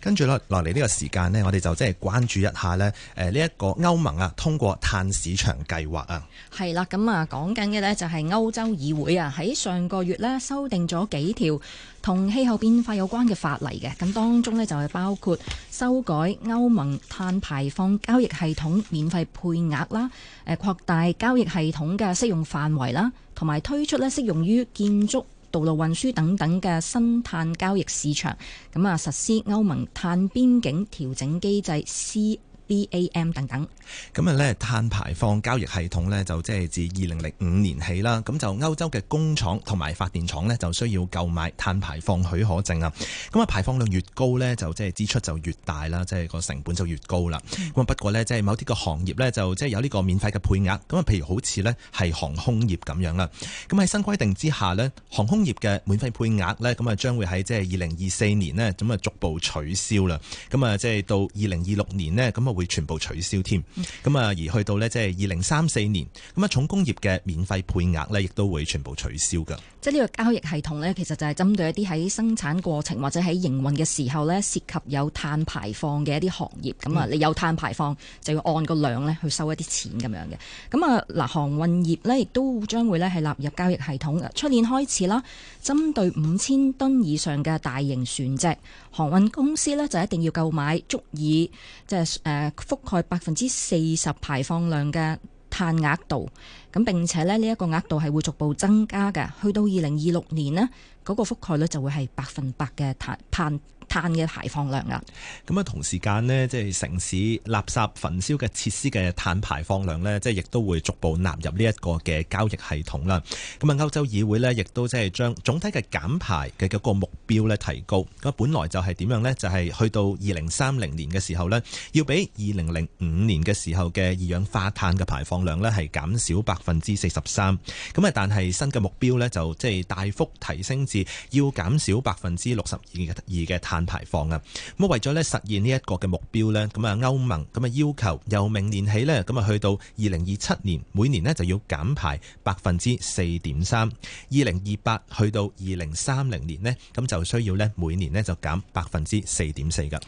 跟住落嚟呢個時間呢，我哋就即係關注一下咧，誒呢一個歐盟啊，通過碳市場計劃啊，係啦、嗯，咁啊講緊嘅呢就係歐洲議會啊，喺上個月呢，修訂咗幾條同氣候變化有關嘅法例嘅，咁當中呢，就係包括修改歐盟碳排放交易系統免費配額啦，誒、呃、擴大交易系統嘅適用範圍啦，同埋推出呢適用於建築、道路運輸等等嘅新碳交易市場，咁啊，實施歐盟碳邊境調整機制 C。BAM 等等，咁啊呢碳排放交易系統呢，就即係自二零零五年起啦，咁就歐洲嘅工廠同埋發電廠呢，就需要購買碳排放許可證啊。咁啊排放量越高呢，就即係支出就越大啦，即係個成本就越高啦。咁啊不過呢，即係某啲個行業呢，就即係有呢個免費嘅配額。咁啊譬如好似呢係航空業咁樣啦。咁喺新規定之下呢，航空業嘅免費配額呢，咁啊將會喺即係二零二四年呢，咁啊逐步取消啦。咁啊即係到二零二六年呢。咁啊。會全部取消添，咁啊，而去到呢，即係二零三四年，咁啊，重工業嘅免費配額呢，亦都會全部取消噶。即係呢個交易系統呢，其實就係針對一啲喺生產過程或者喺營運嘅時候呢，涉及有碳排放嘅一啲行業。咁啊、嗯，你有碳排放就要按個量呢去收一啲錢咁樣嘅。咁啊，嗱，航運業呢，亦都將會呢係納入交易系統。出年開始啦，針對五千噸以上嘅大型船隻，航運公司呢，就一定要購買足以即係誒。呃覆蓋百分之四十排放量嘅碳額度，咁並且咧，呢一個額度係會逐步增加嘅，去到二零二六年呢，嗰個覆蓋率就會係百分百嘅碳排。碳碳嘅排放量啊，咁啊同時間咧，即係城市垃圾焚燒嘅設施嘅碳排放量咧，即係亦都會逐步納入呢一個嘅交易系統啦。咁啊，歐洲議會咧，亦都即係將總體嘅減排嘅嗰個目標咧提高。咁本來就係點樣咧？就係去到二零三零年嘅時候咧，要比二零零五年嘅時候嘅二氧化碳嘅排放量咧，係減少百分之四十三。咁啊，但係新嘅目標咧，就即係大幅提升至要減少百分之六十二嘅碳。排放啊。咁啊為咗咧實現呢一個嘅目標咧，咁啊歐盟咁啊要求由明年起咧，咁啊去到二零二七年每年咧就要減排百分之四點三，二零二八去到二零三零年咧，咁就需要咧每年咧就減百分之四點四噶。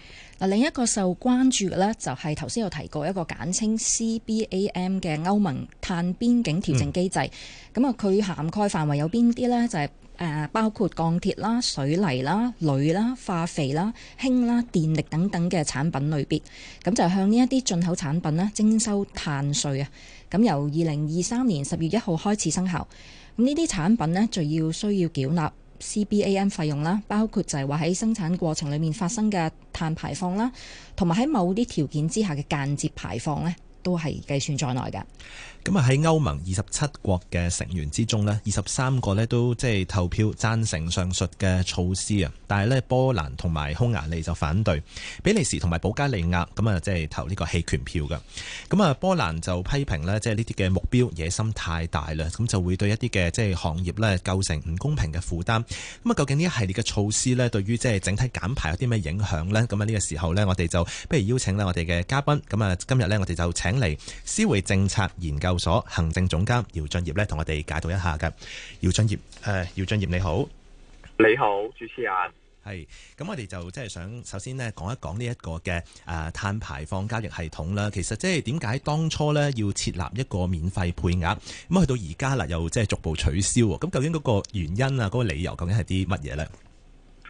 另一個受關注嘅呢，就係頭先有提過一個簡稱 CBAM 嘅歐盟碳邊境調整機制。咁啊、嗯，佢涵蓋範圍有邊啲呢？就係、是、誒、呃，包括鋼鐵啦、水泥啦、鋁啦、化肥啦、氫啦、電力等等嘅產品類別。咁就向呢一啲進口產品呢徵收碳稅啊。咁由二零二三年十月一號開始生效。咁呢啲產品呢，就要需要繳納。CBAM 費用啦，包括就係話喺生產過程裡面發生嘅碳排放啦，同埋喺某啲條件之下嘅間接排放咧，都係計算在內嘅。咁啊喺歐盟二十七國嘅成員之中呢，二十三個咧，都即係投票贊成上述嘅措施啊，但係呢，波蘭同埋匈牙利就反對，比利時同埋保加利亞咁啊即係投呢個棄權票噶。咁啊波蘭就批評呢，即係呢啲嘅目標野心太大啦，咁就會對一啲嘅即係行業呢構成唔公平嘅負擔。咁啊究竟呢一系列嘅措施呢，對於即係整體減排有啲咩影響呢？咁啊呢個時候呢，我哋就不如邀請咧，我哋嘅嘉賓，咁啊今日呢，我哋就請嚟思匯政策研究。所行政總監姚俊業咧，同我哋解讀一下嘅。姚俊業，誒、呃，姚俊業你好。你好，主持人。係，咁我哋就即係想首先呢講一講呢一個嘅誒碳排放交易系統啦。其實即係點解當初呢要設立一個免費配額，咁啊去到而家啦又即係逐步取消，咁究竟嗰個原因啊，嗰、嗰個理由究竟係啲乜嘢呢？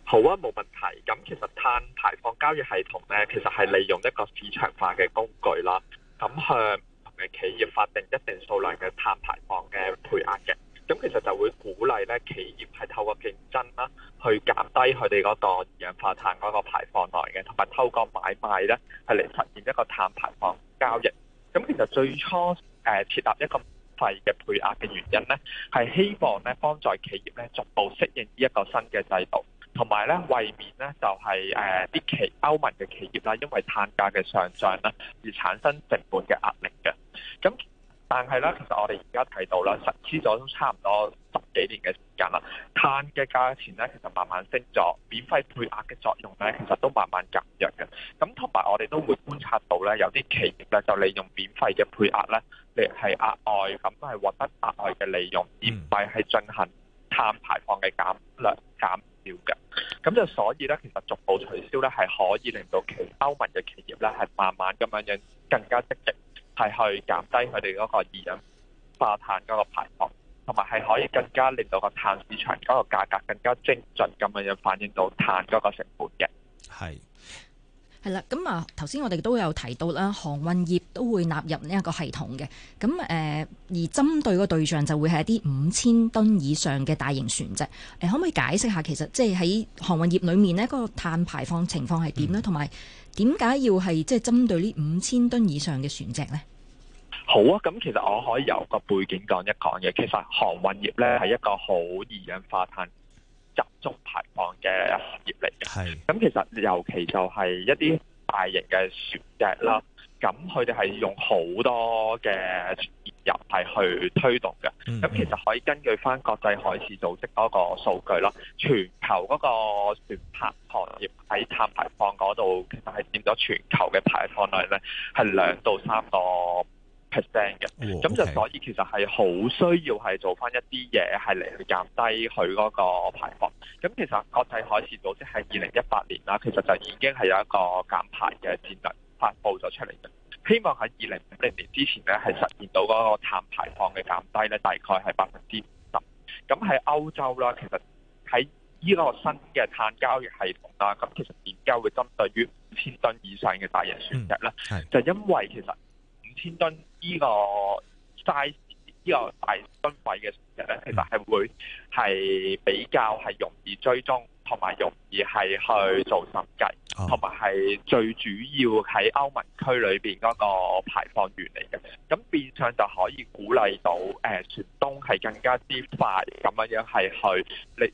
好啊，冇問題。咁其實碳排放交易系統呢，其實係利用一個市場化嘅工具啦，咁向。企業法定一定數量嘅碳排放嘅配額嘅，咁其實就會鼓勵咧企業係透過競爭啦，去減低佢哋嗰個二氧化碳嗰個排放量嘅，同埋透過買賣咧係嚟實現一個碳排放交易。咁其實最初誒、呃、設立一個免費嘅配額嘅原因咧，係希望咧幫助企業咧逐步適應呢一個新嘅制度。同埋咧，為免咧就係誒啲企歐盟嘅企業啦，因為碳價嘅上漲啦而產生成本嘅壓力嘅。咁但係咧，其實我哋而家睇到啦，實施咗都差唔多十幾年嘅時間啦，碳嘅價錢咧其實慢慢升咗，免費配額嘅作用咧其實都慢慢減弱嘅。咁同埋我哋都會觀察到咧，有啲企業咧就利用免費嘅配額咧嚟係額外咁都係獲得額外嘅利用，而唔係係進行碳排放嘅減量減。咁就所以呢，其實逐步取消呢係可以令到企歐盟嘅企業呢係慢慢咁樣樣更加積極，係去減低佢哋嗰個二氧化碳嗰個排放，同埋係可以更加令到個碳市場嗰個價格更加精準咁樣樣反映到碳嗰個成本嘅。係。係啦，咁啊、嗯，頭先我哋都有提到啦，航運業都會納入呢一個系統嘅，咁誒、呃，而針對嘅對象就會係一啲五千噸以上嘅大型船隻。誒、呃，可唔可以解釋下，其實即係喺航運業裏面呢嗰個碳排放情況係點呢？同埋、嗯，點解要係即係針對呢五千噸以上嘅船隻呢？好啊，咁其實我可以由個背景講一講嘅。其實航運業呢係一個好易引發碳。集中排放嘅行業嚟嘅，咁其實尤其就係一啲大型嘅船隻啦，咁佢哋係用好多嘅燃料去推動嘅。咁、嗯、其實可以根據翻國際海事組織嗰個數據咯，全球嗰個船舶行業喺碳排放嗰度其實係佔咗全球嘅排放量咧係兩到三個 percent 嘅，咁就、oh, okay. 所以其實係好需要係做翻一啲嘢係嚟去減低佢嗰個排放。咁其實國際海事組織喺二零一八年啦、啊，其實就已經係有一個減排嘅戰略發布咗出嚟嘅，希望喺二零五零年之前咧係實現到嗰個碳排放嘅減低咧，大概係百分之十。咁喺歐洲啦，其實喺呢個新嘅碳交易系統啦、啊，咁其實研究會針對於五千噸以上嘅大型船隻啦，嗯、就因為其實五千噸。呢個 size 呢，這個大噸位嘅船咧，其實係會係比較係容易追蹤，同埋容易係去做審計，同埋係最主要喺歐盟區裏邊嗰個排放源嚟嘅。咁變相就可以鼓勵到誒、呃、船東係更加之快咁樣樣係去你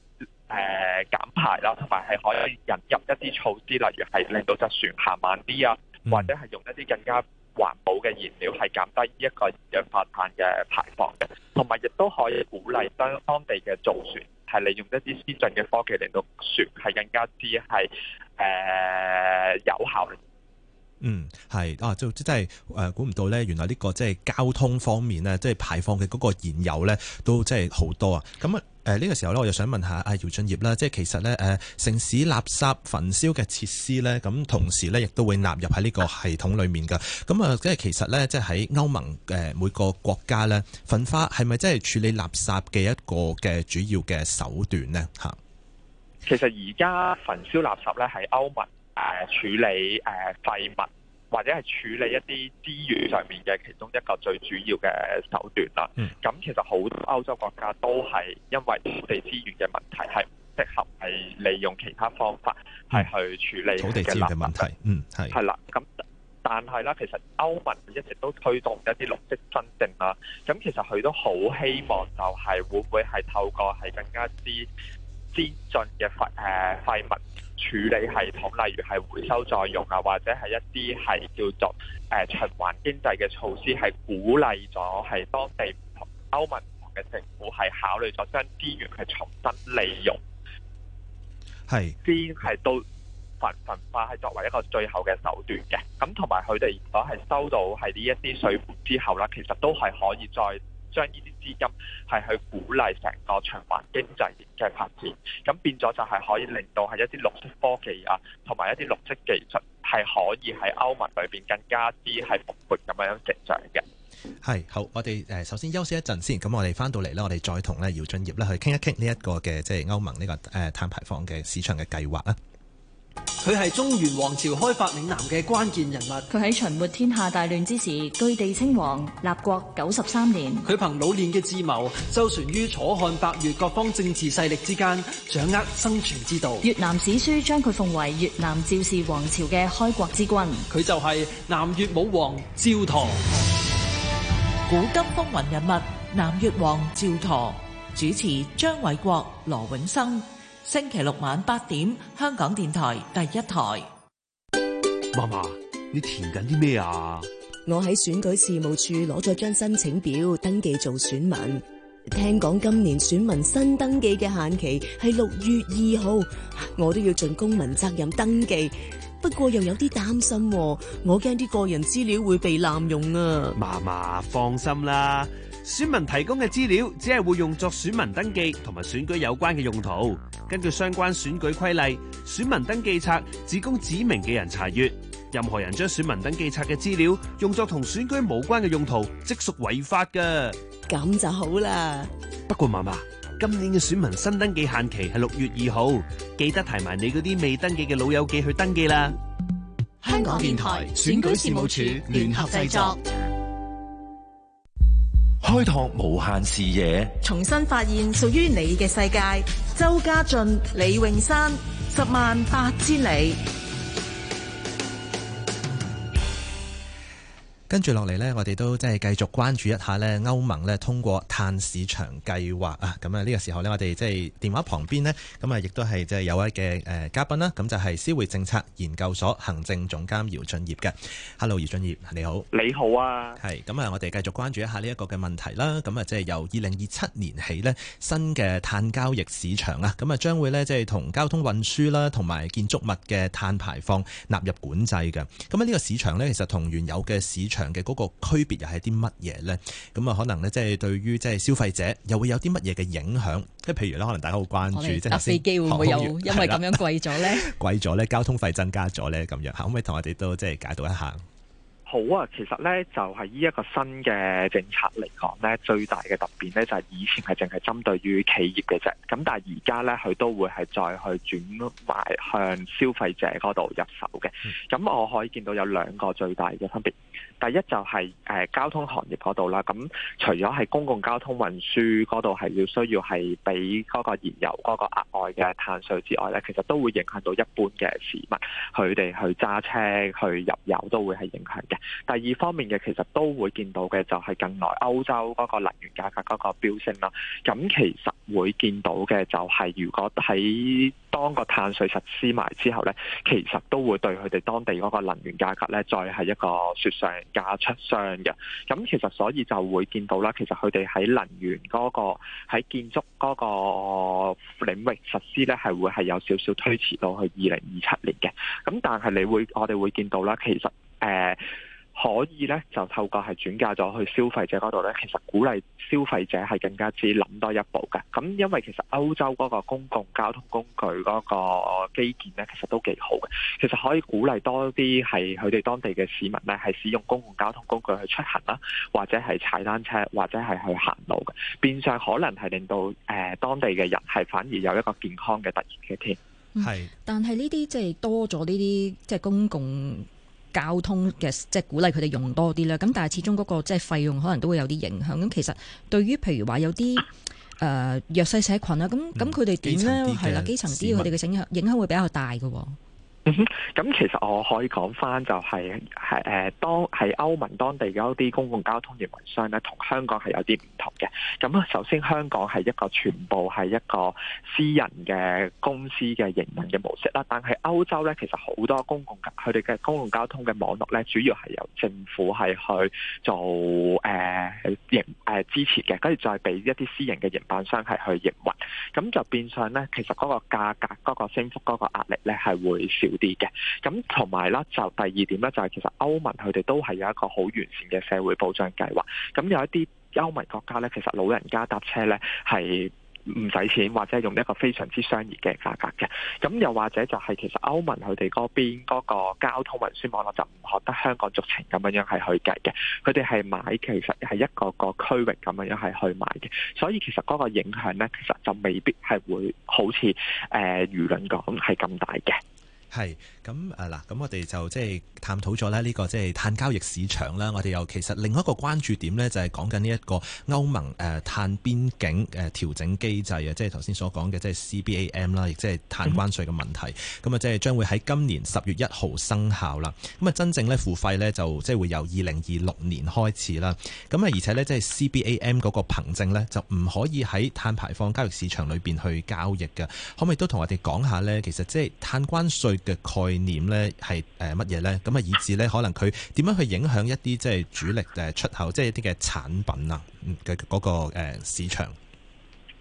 誒減排啦，同埋係可以引入一啲措施，例如係令到隻船行慢啲啊，或者係用一啲更加。環保嘅燃料係減低呢一個二氧化碳嘅排放嘅，同埋亦都可以鼓勵當當地嘅造船係利用一啲先進嘅科技，嚟到船係更加之係誒有效。嗯，係，啊，就即係誒，估、呃、唔到咧，原來呢個即係交通方面呢，即、就、係、是、排放嘅嗰個燃油呢，都即係好多啊。咁、呃、啊，誒，呢個時候呢，我就想問下阿、啊、姚俊業啦，即係其實呢，誒、呃，城市垃圾焚燒嘅設施呢，咁同時呢，亦都會納入喺呢個系統裏面噶。咁、嗯、啊，即係其實呢，即係喺歐盟誒，每個國家呢，焚化係咪真係處理垃圾嘅一個嘅主要嘅手段呢？吓，其實而家焚燒垃圾呢，係歐盟，誒處理誒廢物或者係處理一啲資源上面嘅其中一個最主要嘅手段啦。咁、嗯、其實好多歐洲國家都係因為土地資源嘅問題，係唔適合係利用其他方法係去處理土地嘅問題。嗯，係係啦。咁但係咧，其實歐盟一直都推動一啲綠色新政啦。咁其實佢都好希望就係會唔會係透過係更加之先進嘅廢誒廢物。處理系統，例如係回收再用啊，或者係一啲係叫做誒、呃、循環經濟嘅措施，係鼓勵咗係當地同歐盟嘅政府係考慮咗將資源係重新利用，係先係到焚焚化係作為一個最後嘅手段嘅。咁同埋佢哋如果係收到係呢一啲稅款之後啦，其實都係可以再，將呢啲資金係去鼓勵成個循環經濟嘅發展，咁變咗就係可以令到係一啲綠色科技啊，同埋一啲綠色技術係可以喺歐盟裏邊更加啲係復活咁樣成長嘅。係好，我哋誒首先休息一陣先，咁我哋翻到嚟呢，我哋再同咧姚俊業咧去傾一傾呢一個嘅即係歐盟呢個誒碳排放嘅市場嘅計劃啦。佢係中原王朝開發嶺南嘅關鍵人物。佢喺秦末天下大亂之時，據地稱王，立國九十三年。佢憑老練嘅智謀，周旋於楚漢、百越各方政治勢力之間，掌握生存之道。越南史書將佢奉為越南趙氏王朝嘅開國之君。佢就係南越武王趙佗。趙古今風雲人物，南越王趙佗。主持張偉國、羅永生。星期六晚八點，香港電台第一台。媽媽，你填緊啲咩啊？我喺選舉事務處攞咗張申請表，登記做選民。聽講今年選民新登記嘅限期係六月二號，我都要盡公民責任登記。不過又有啲擔心，我驚啲個人資料會被濫用啊！媽媽，放心啦。選民提供嘅資料只係會用作選民登記同埋選舉有關嘅用途。根據相關選舉規例，選民登記冊只供指明嘅人查閱。任何人將選民登記冊嘅資料用作同選舉無關嘅用途，即屬違法噶。咁就好啦。不過，媽媽，今年嘅選民新登記限期係六月二號，記得提埋你嗰啲未登記嘅老友記去登記啦。香港電台選舉事務處聯合製作。開拓無限視野，重新發現屬於你嘅世界。周家俊、李泳山，十萬八千里。跟住落嚟呢，我哋都即係繼續關注一下呢歐盟呢通過碳市場計劃啊。咁啊，呢個時候呢，我哋即係電話旁邊呢，咁啊，亦都係即係有位嘅誒嘉賓啦。咁就係思匯政策研究所行政總監姚俊業嘅。Hello，姚俊業，你好。你好啊。係。咁啊，我哋繼續關注一下呢一個嘅問題啦。咁啊，即、like、係由二零二七年起呢，新嘅碳交易市場啊，咁啊，將會呢即係同交通運輸啦，同埋建築物嘅碳排放納入管制嘅。咁啊呢個市場呢，其實同原有嘅市場。長嘅嗰個區別又係啲乜嘢咧？咁啊，可能咧即係對於即係消費者又會有啲乜嘢嘅影響？即係譬如咧，可能大家好關注，即係搭飛機會唔會有因為咁樣貴咗咧？貴咗咧，交通費增加咗咧，咁樣可唔可以同我哋都即係解讀一下？好啊，其實咧就係呢一個新嘅政策嚟講咧，最大嘅特別咧就係、是、以前係淨係針對於企業嘅啫，咁但係而家咧佢都會係再去轉埋向消費者嗰度入手嘅。咁我可以見到有兩個最大嘅分別，第一就係誒交通行業嗰度啦。咁除咗係公共交通運輸嗰度係要需要係俾嗰個燃油嗰、那個額外嘅碳稅之外咧，其實都會影響到一般嘅市民佢哋去揸車去入油都會係影響嘅。第二方面嘅，其實都會見到嘅就係近來歐洲嗰個能源價格嗰個飆升啦。咁其實會見到嘅就係，如果喺當個碳稅實施埋之後呢，其實都會對佢哋當地嗰個能源價格呢，再係一個雪上加霜嘅。咁其實所以就會見到啦，其實佢哋喺能源嗰個喺建築嗰個領域實施呢，係會係有少少推遲到去二零二七年嘅。咁但係你會，我哋會見到啦，其實誒。呃所以咧，就透過係轉嫁咗去消費者嗰度咧，其實鼓勵消費者係更加之諗多一步嘅。咁因為其實歐洲嗰個公共交通工具嗰個基建咧，其實都幾好嘅。其實可以鼓勵多啲係佢哋當地嘅市民咧，係使用公共交通工具去出行啦，或者係踩單車，或者係去行路嘅，變相可能係令到誒、呃、當地嘅人係反而有一個健康嘅得益嘅添。係是、嗯，但係呢啲即係多咗呢啲即係公共。嗯交通嘅即係鼓勵佢哋用多啲啦，咁但係始終嗰、那個即係費用可能都會有啲影響。咁其實對於譬如話有啲誒、呃、弱勢社群啊，咁咁佢哋點咧係啦，基層啲佢哋嘅影響影響會比較大嘅。咁、嗯、其實我可以講翻就係係誒當係歐盟當地嘅一啲公共交通營運商咧，同香港係有啲唔同嘅。咁首先香港係一個全部係一個私人嘅公司嘅營運嘅模式啦。但係歐洲咧，其實好多公共佢哋嘅公共交通嘅網絡咧，主要係由政府係去做誒、呃、營誒、呃、支持嘅，跟住再俾一啲私人嘅營辦商係去營運。咁就變相咧，其實嗰個價格、嗰、嗰個升幅、嗰個壓力咧，係會少啲嘅，咁同埋啦，就第二點咧就係、是、其實歐盟佢哋都係有一個好完善嘅社會保障計劃，咁有一啲歐盟國家咧，其實老人家搭車咧係唔使錢或者用一個非常之商業嘅價格嘅，咁又或者就係其實歐盟佢哋嗰邊嗰個交通運輸網絡就唔學得香港逐程咁樣樣係去計嘅，佢哋係買其實係一個個區域咁樣樣係去買嘅，所以其實嗰個影響咧其實就未必係會好似誒輿論講係咁大嘅。係，咁啊嗱，咁我哋就即係探討咗咧呢個即係碳交易市場啦。我哋又其實另一個關注點呢，就係講緊呢一個歐盟誒碳邊境誒調整機制啊，即係頭先所講嘅即係 CBAM 啦，亦即係碳關稅嘅問題。咁啊，即係將會喺今年十月一號生效啦。咁啊，真正咧付費呢就即係會由二零二六年開始啦。咁啊，而且呢，即係 CBAM 嗰個憑證咧就唔可以喺碳排放交易市場裏邊去交易嘅。可唔可以都同我哋講下呢？其實即係碳關稅。嘅概念咧係誒乜嘢咧？咁啊，以致咧可能佢點樣去影響一啲即係主力誒出口，即係一啲嘅產品啊嘅嗰個誒市場。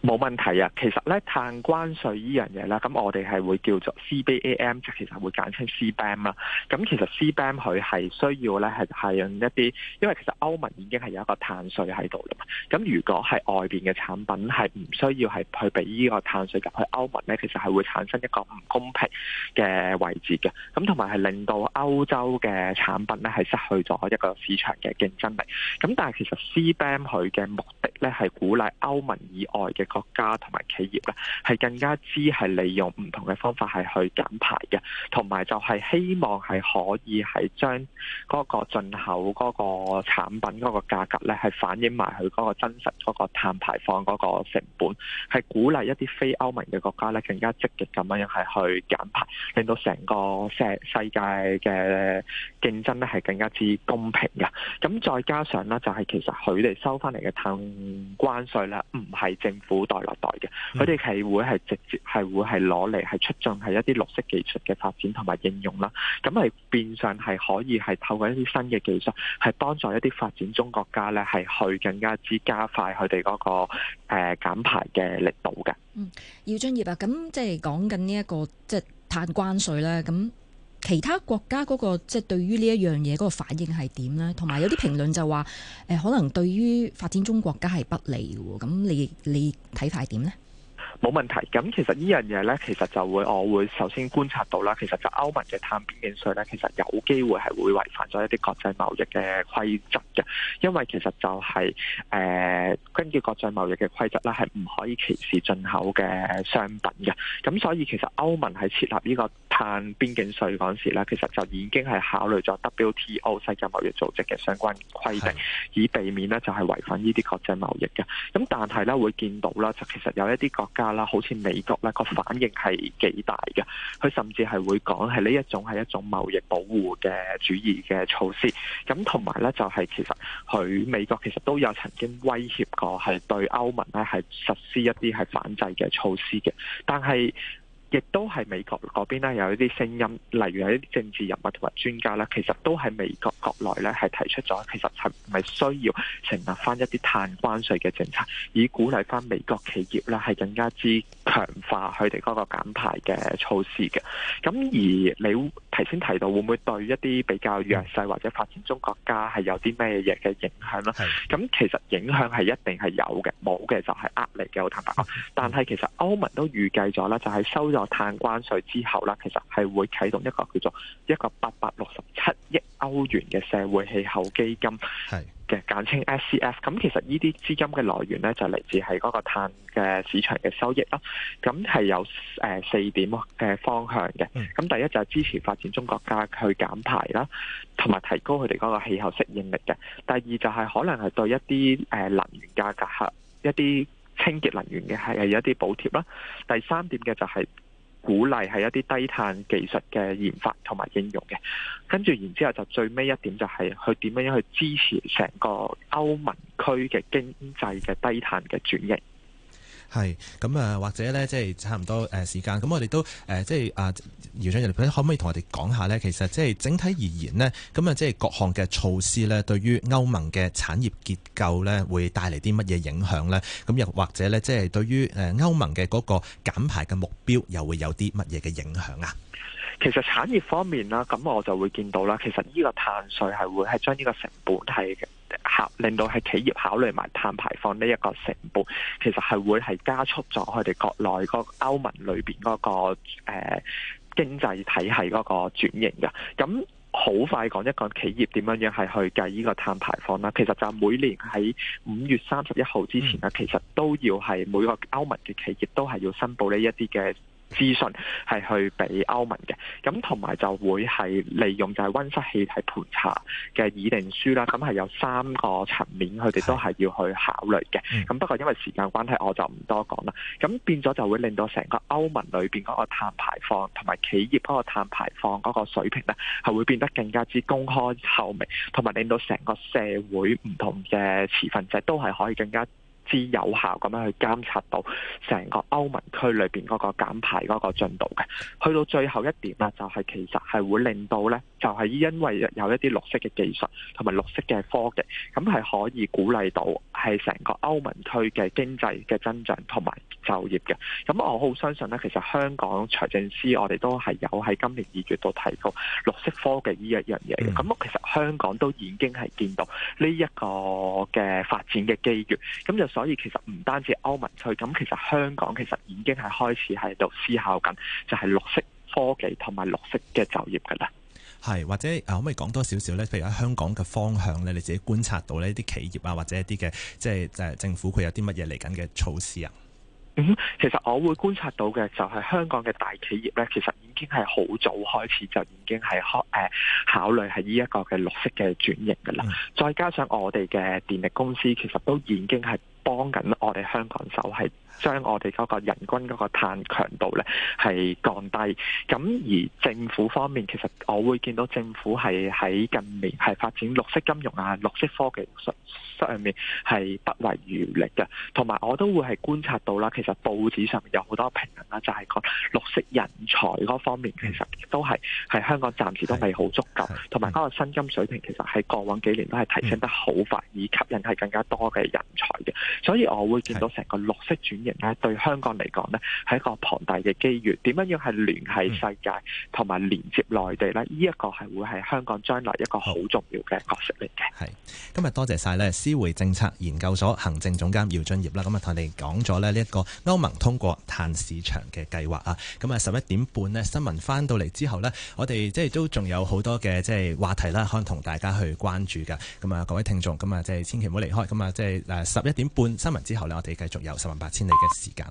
冇問題啊！其實咧碳關稅呢樣嘢咧，咁我哋係會叫做 CBAM，即係其實會簡稱 CBAM 啦。咁其實 CBAM 佢係需要咧係係用一啲，因為其實歐盟已經係有一個碳稅喺度啦。咁如果係外邊嘅產品係唔需要係去俾呢個碳稅入去歐盟咧，其實係會產生一個唔公平嘅位置嘅。咁同埋係令到歐洲嘅產品咧係失去咗一個市場嘅競爭力。咁但係其實 CBAM 佢嘅目的咧係鼓勵歐盟以外嘅國家同埋企業咧，係更加之係利用唔同嘅方法係去減排嘅，同埋就係希望係可以係將嗰個進口嗰個產品嗰個價格咧，係反映埋佢嗰個真實嗰個碳排放嗰個成本，係鼓勵一啲非歐盟嘅國家咧，更加積極咁樣樣係去減排，令到成個世世界嘅競爭咧係更加之公平嘅。咁再加上咧，就係其實佢哋收翻嚟嘅碳關稅咧，唔係政府。古代落袋嘅，佢哋係會係直接係會係攞嚟係促進係一啲綠色技術嘅發展同埋應用啦。咁係變相係可以係透過一啲新嘅技術，係幫助一啲發展中國家咧，係去更加之加快佢哋嗰個誒減、呃、排嘅力度嘅。嗯，姚俊業啊，咁即係講緊呢一個即係碳關稅咧，咁。其他國家嗰個即係對於呢一樣嘢嗰個反應係點咧？同埋有啲評論就話誒，可能對於發展中國家係不利嘅，咁你你睇法係點咧？冇問題，咁其實呢樣嘢呢，其實就會，我會首先觀察到啦。其實就歐盟嘅碳邊境稅呢，其實有機會係會違反咗一啲國際貿易嘅規則嘅，因為其實就係、是、誒、呃，根據國際貿易嘅規則呢，係唔可以歧視進口嘅商品嘅。咁所以其實歐盟喺設立呢個碳邊境稅嗰陣時呢，其實就已經係考慮咗 WTO 世界貿易組織嘅相關規定，的以避免呢就係違反呢啲國際貿易嘅。咁但係呢，會見到啦，就其實有一啲國家。好似美國咧個反應係幾大嘅，佢甚至係會講係呢一種係一種貿易保護嘅主義嘅措施。咁同埋呢，就係其實佢美國其實都有曾經威脅過係對歐盟咧係實施一啲係反制嘅措施嘅，但係。亦都係美國嗰邊咧，有一啲聲音，例如有一啲政治人物同埋專家啦，其實都係美國國內咧係提出咗，其實係咪需要成立翻一啲碳關稅嘅政策，以鼓勵翻美國企業咧係更加之強化佢哋嗰個減排嘅措施嘅。咁而你頭先提到，會唔會對一啲比較弱勢或者發展中國家係有啲咩嘢嘅影響啦，咁的其實影響係一定係有嘅，冇嘅就係呃你嘅碳排。坦白啊，但係其實歐盟都預計咗啦，就係收。落碳關稅之後啦，其實係會啟動一個叫做一個八百六十七億歐元嘅社會氣候基金，係嘅是簡稱 SCF。咁其實呢啲資金嘅來源咧就嚟自係嗰個碳嘅市場嘅收益啦。咁係有誒四點誒方向嘅。咁第一就係支持發展中國家去減排啦，同埋提高佢哋嗰個氣候適應力嘅。第二就係可能係對一啲誒能源價格吓一啲清潔能源嘅係有一啲補貼啦。第三點嘅就係、是。鼓勵係一啲低碳技術嘅研發同埋應用嘅，跟住然之後就最尾一點就係佢點樣樣去支持成個歐盟區嘅經濟嘅低碳嘅轉型。係咁啊，或者咧，即係差唔多誒時間。咁、嗯、我哋都誒，即係啊，姚生人，可唔可以同我哋講下咧？其實即係整體而言呢，咁啊，即係各項嘅措施咧，對於歐盟嘅產業結構咧，會帶嚟啲乜嘢影響咧？咁又或者咧，即係對於誒歐盟嘅嗰個減排嘅目標，又會有啲乜嘢嘅影響啊？其實產業方面啦，咁我就會見到啦。其實呢個碳稅係會係將呢個成本係嘅。令到係企業考慮埋碳排放呢一個成本，其實係會係加速咗佢哋國內個歐盟裏邊嗰、那個誒、呃、經濟體系嗰個轉型㗎。咁好快講一個企業點樣樣係去計呢個碳排放啦。其實就每年喺五月三十一號之前咧，嗯、其實都要係每個歐盟嘅企業都係要申報呢一啲嘅。資訊係去俾歐盟嘅，咁同埋就會係利用就係温室氣體盤查嘅議定書啦。咁係有三個層面，佢哋都係要去考慮嘅。咁不過因為時間關係，我就唔多講啦。咁變咗就會令到成個歐盟裏邊嗰個碳排放同埋企業嗰個碳排放嗰個水平咧，係會變得更加之公開透明，同埋令到成個社會唔同嘅持份者都係可以更加，至有效咁樣去監察到成個歐盟區裏邊嗰個減排嗰個進度嘅。去到最後一點啦，就係、是、其實係會令到咧，就係因為有一啲綠色嘅技術同埋綠色嘅科技，咁係可以鼓勵到係成個歐盟區嘅經濟嘅增長同埋就業嘅。咁我好相信咧，其實香港財政司我哋都係有喺今年二月都提出綠色科技呢一樣嘢嘅。咁、嗯、其實香港都已經係見到呢一個嘅發展嘅機遇。咁就。所以其實唔單止歐盟區，咁其實香港其實已經係開始喺度思考緊，就係綠色科技同埋綠色嘅就業㗎喇。係或者、啊、可唔可以講多少少呢？譬如喺香港嘅方向呢，你自己觀察到呢啲企業啊或者一啲嘅即係誒政府佢有啲乜嘢嚟緊嘅措施啊？嗯，其實我會觀察到嘅就係香港嘅大企業呢，其實。已經係好早開始就已經係考誒考慮係呢一個嘅綠色嘅轉型噶啦，再加上我哋嘅電力公司其實都已經係幫緊我哋香港手係將我哋嗰個人均嗰個碳強度咧係降低，咁而政府方面其實我會見到政府係喺近年係發展綠色金融啊、綠色科技上面係不遺餘力嘅，同埋我都會係觀察到啦，其實報紙上面有好多評論啦，就係講綠色人才嗰。方面其實都係係香港暫時都未好足夠，同埋嗰個薪金水平其實喺過往幾年都係提升得好快，以、嗯、吸引係更加多嘅人才嘅。所以我會見到成個綠色轉型咧，對香港嚟講呢係一個龐大嘅機遇。點樣樣係聯繫世界同埋連接內地呢？呢、呢、一個係會係香港將來一個好重要嘅角色嚟嘅。係。好今日多謝晒呢思匯政策研究所行政總監姚俊業啦。咁啊，同你哋講咗咧呢一個歐盟通過碳市場嘅計劃啊。咁啊，十一點半呢。新聞翻到嚟之後呢，我哋即係都仲有好多嘅即係話題啦，可能同大家去關注㗎。咁啊，各位聽眾，咁啊，即係千祈唔好離開。咁啊，即係誒十一點半新聞之後呢，我哋繼續有十萬八千里嘅時間。